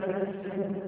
person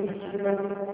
مسلما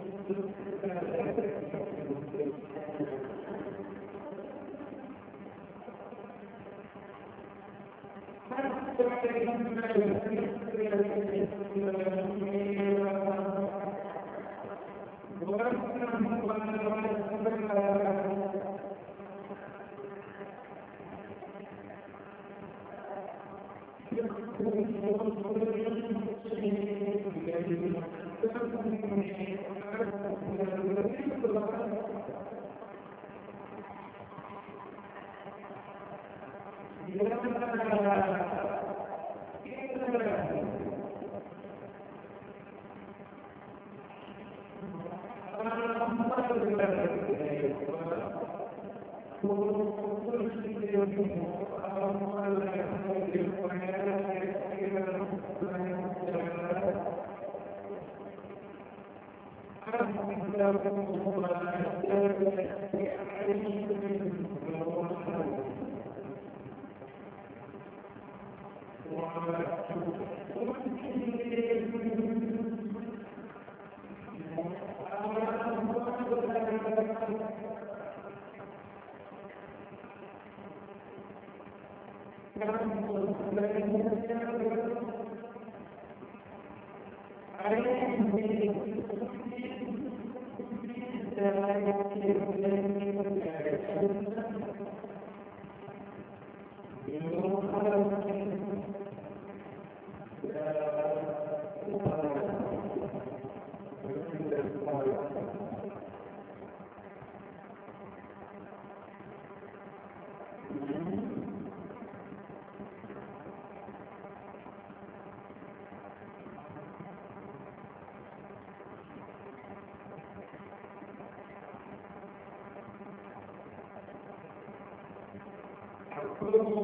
Thank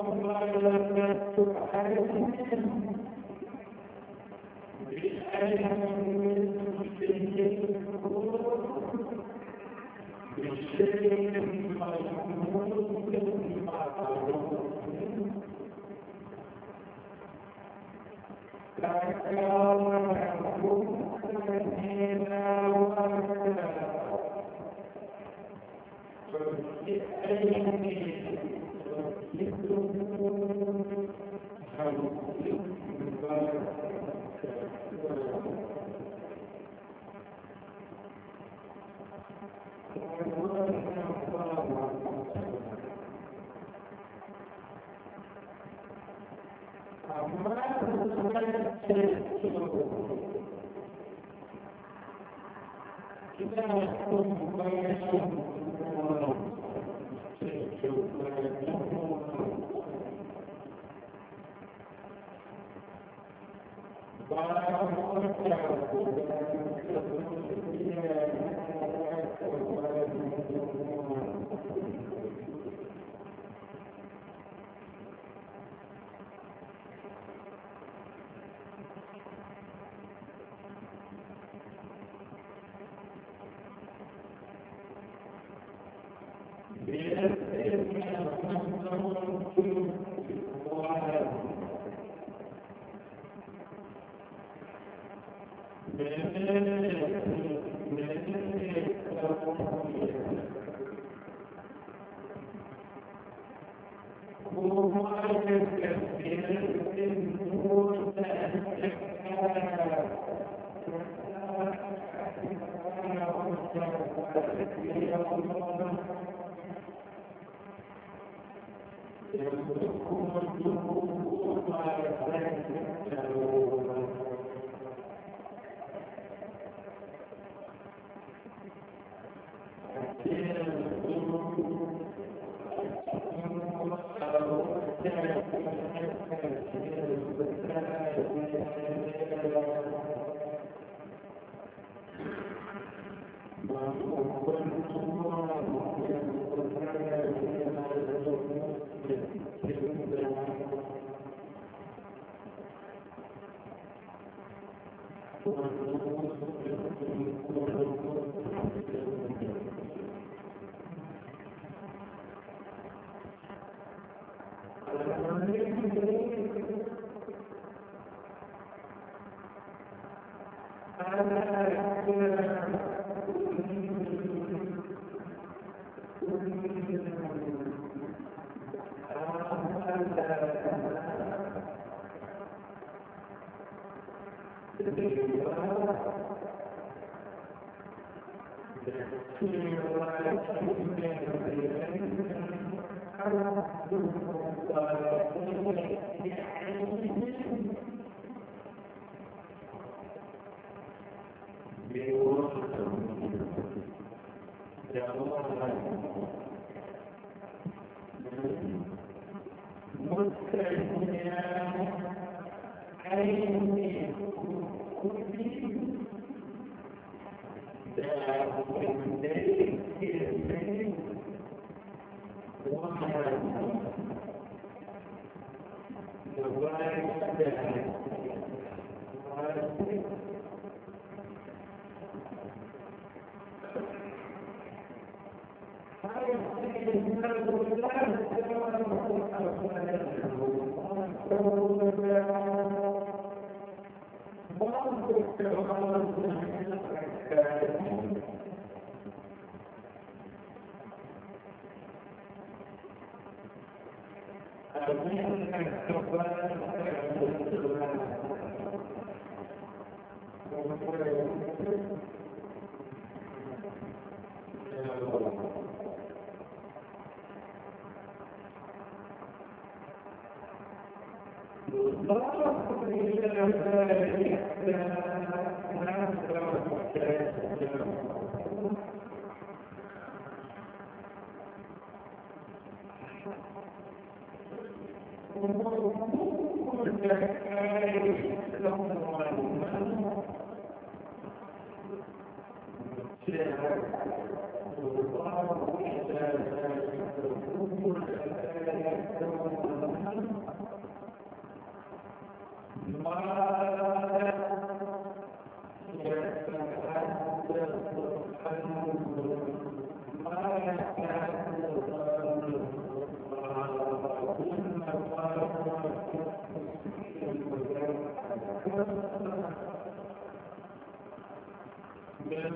you.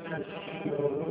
تشكرون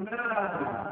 Yeah.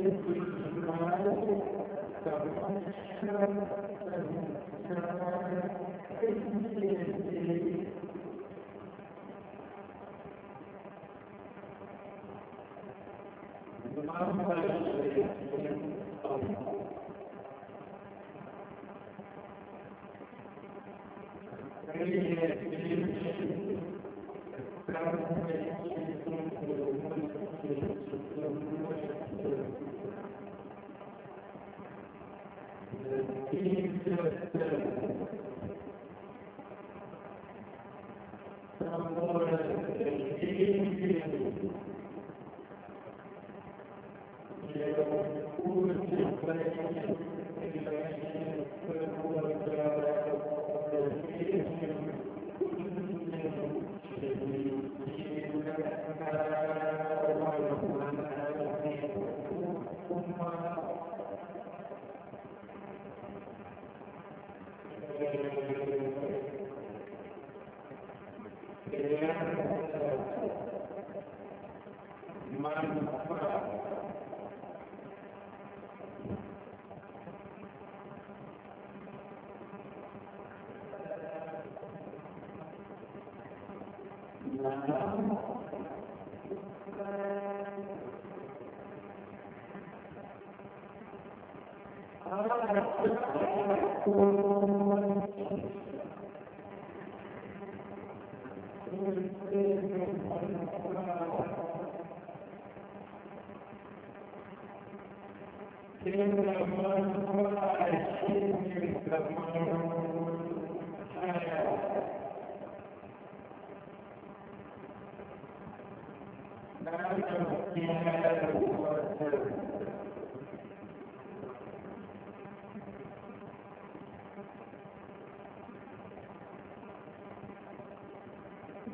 Thank you.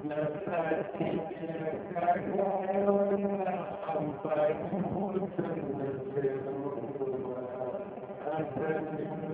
Thank you.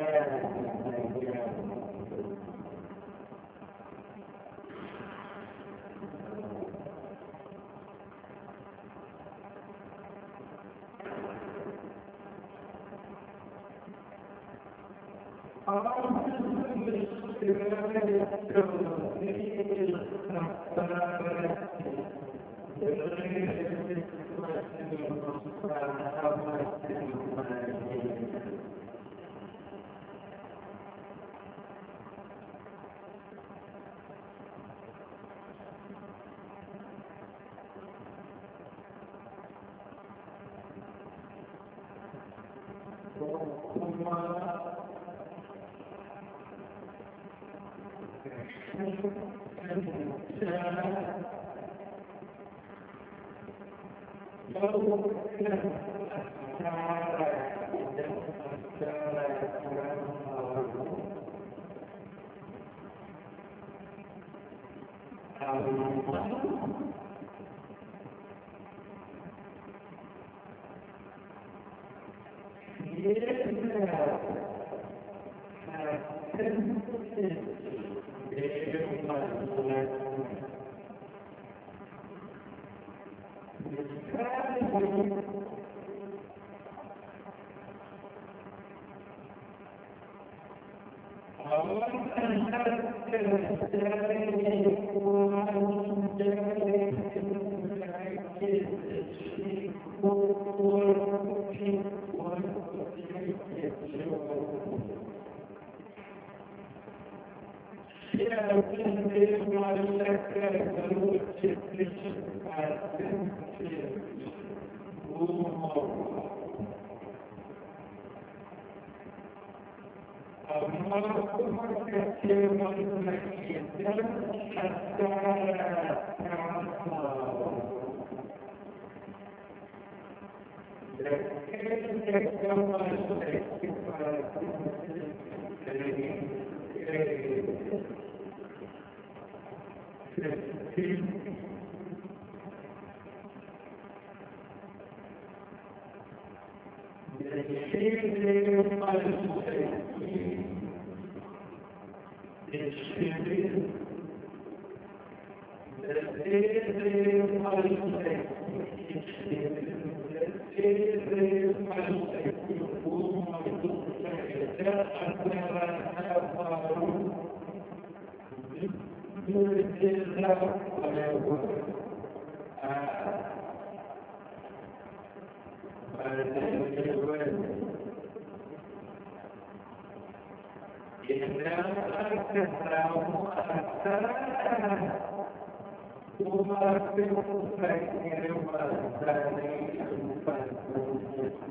Thank you.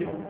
kírun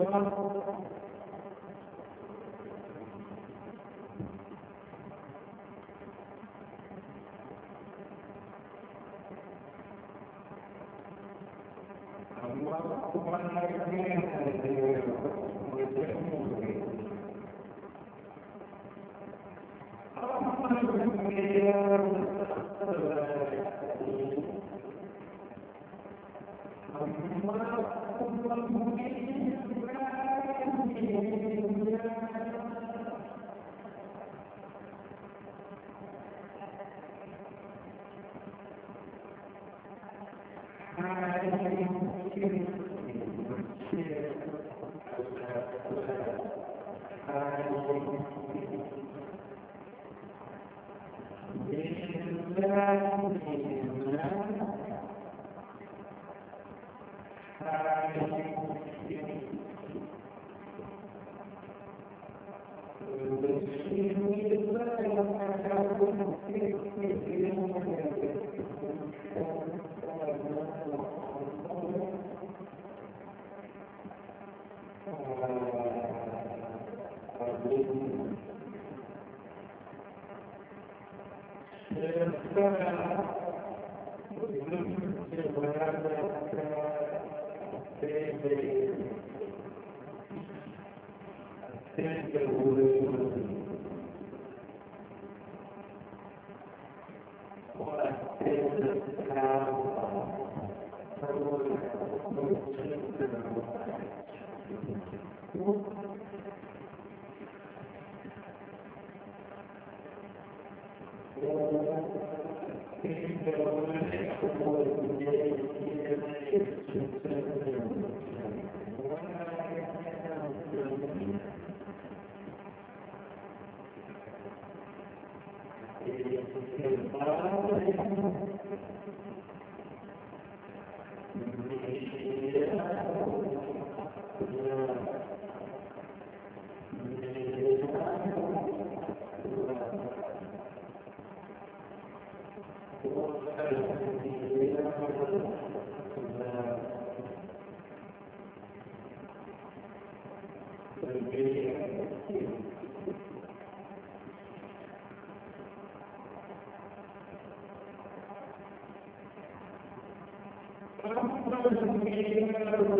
become ಕಂಡು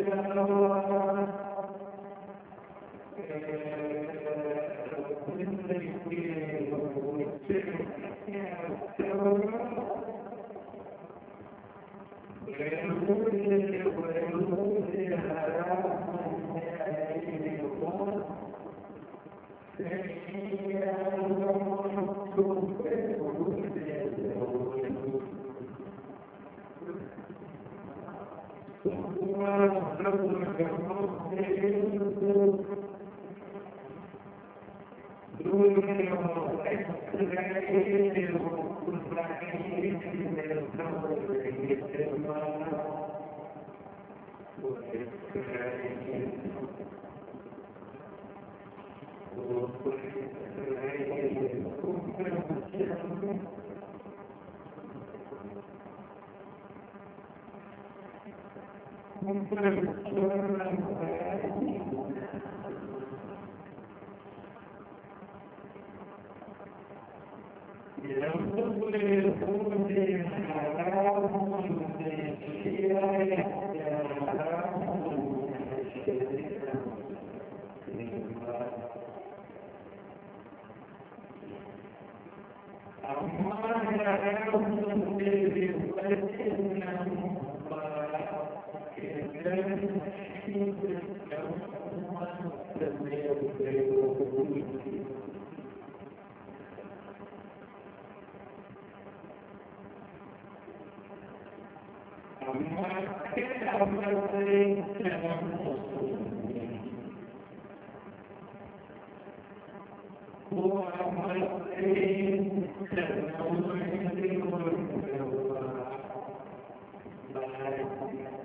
Gracias.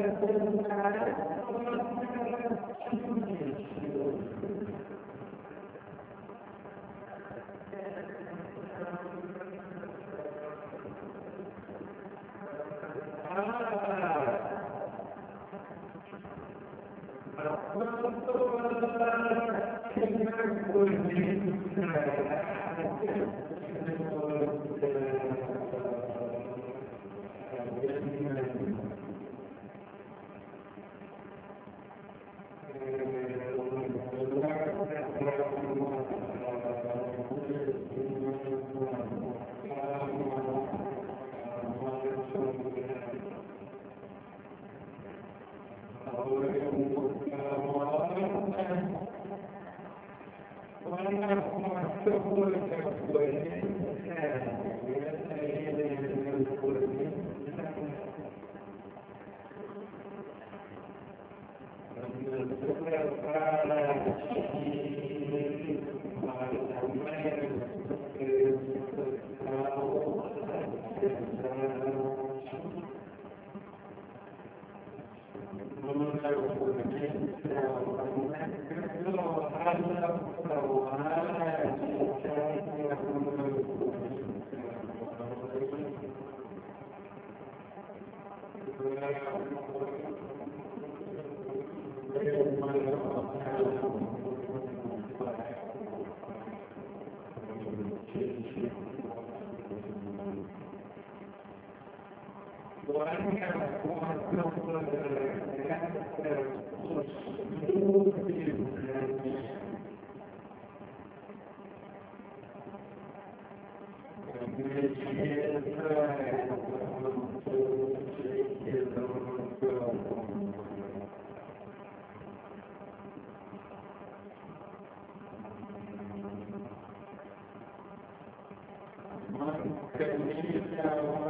ഇത്തരത്തിലുള്ള كلمه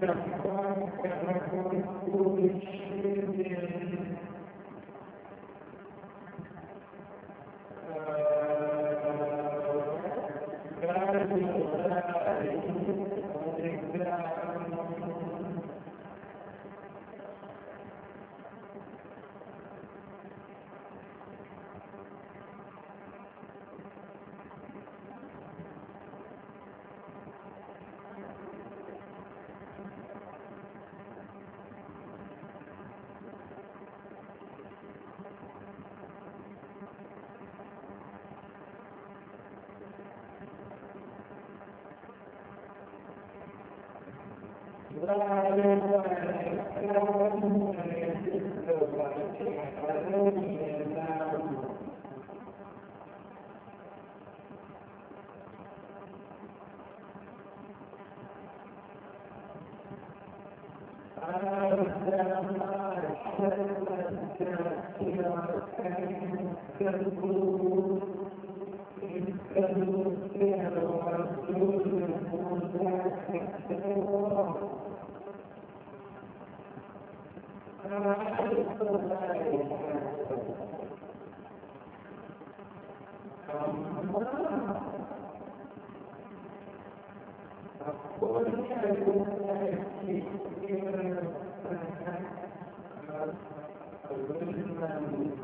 Thank you. Thank you.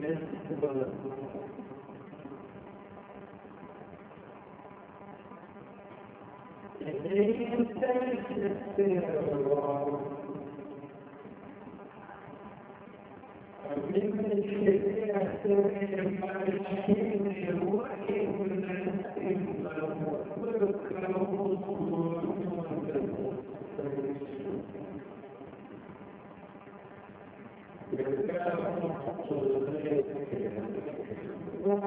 permissible And you take the funeral I'm the city, a said, in the city, Yeah.